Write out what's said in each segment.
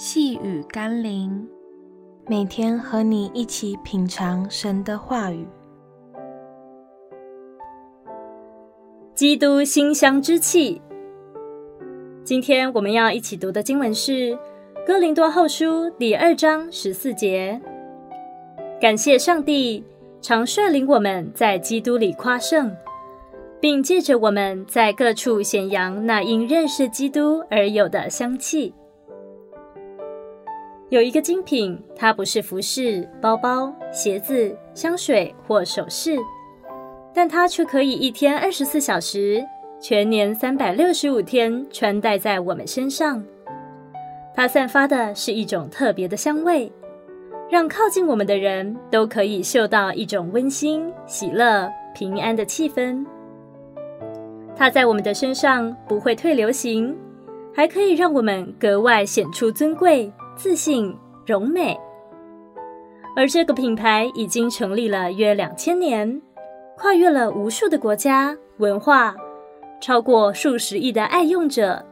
細語甘霖，每天和你一起品嘗神的話語，基督馨香之氣。今天我們要一起讀的經文是《哥林多後書》第二章十四節。感謝上帝，常率領我們在基督裡誇勝，並借着我們在各處顯揚那因認識基督而有的香氣。有一個精品，它不是服飾、包包、鞋子、香水或首飾，但它卻可以一天二十四小時、全年三百六十五天穿戴在我們身上。它散發的是一種特別的香味，讓靠近我們的人都可以嗅到一種溫馨、喜樂、平安的氣氛。它在我們的身上不會退流行，還可以讓我們格外顯出尊貴。自信榮美，而這個品牌已經成立了約兩千年，跨越了無數的國家、文化，超過數十億的愛用者。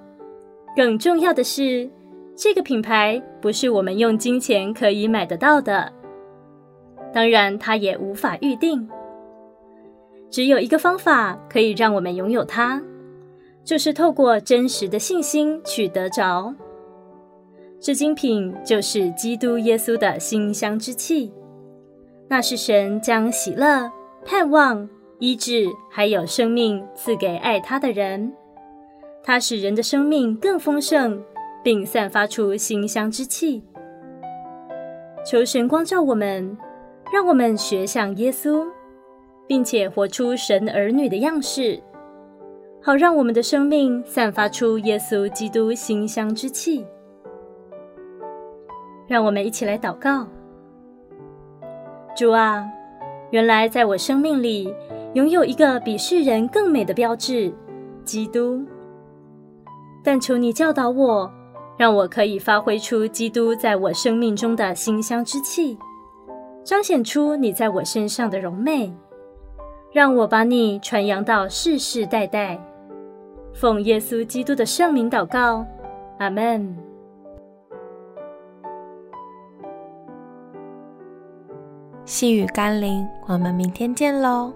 更重要的是，這個品牌不是我們用金錢可以買得到的，當然它也無法預訂。只有一個方法可以讓我們擁有它，就是透過真實的信心去得著。這精品就是基督耶穌的馨香之氣，那是神將喜樂、盼望、醫治，還有生命賜給愛他的人。他使人的生命更豐盛，並散發出馨香之氣。求神光照我們，讓我們學像耶穌，並且活出神兒女的樣式，好讓我們的生命散發出耶穌基督馨香之氣。讓我們一起來禱告。主啊，原來在我生命裡擁有一個比世人更美的標誌——基督。但求你教導我，讓我可以發揮出基督在我生命中的馨香之氣，彰顯出你在我身上的榮美。讓我把你傳揚到世世代代。奉耶穌基督的聖名禱告，阿們。細語甘霖，我們明天見嘍。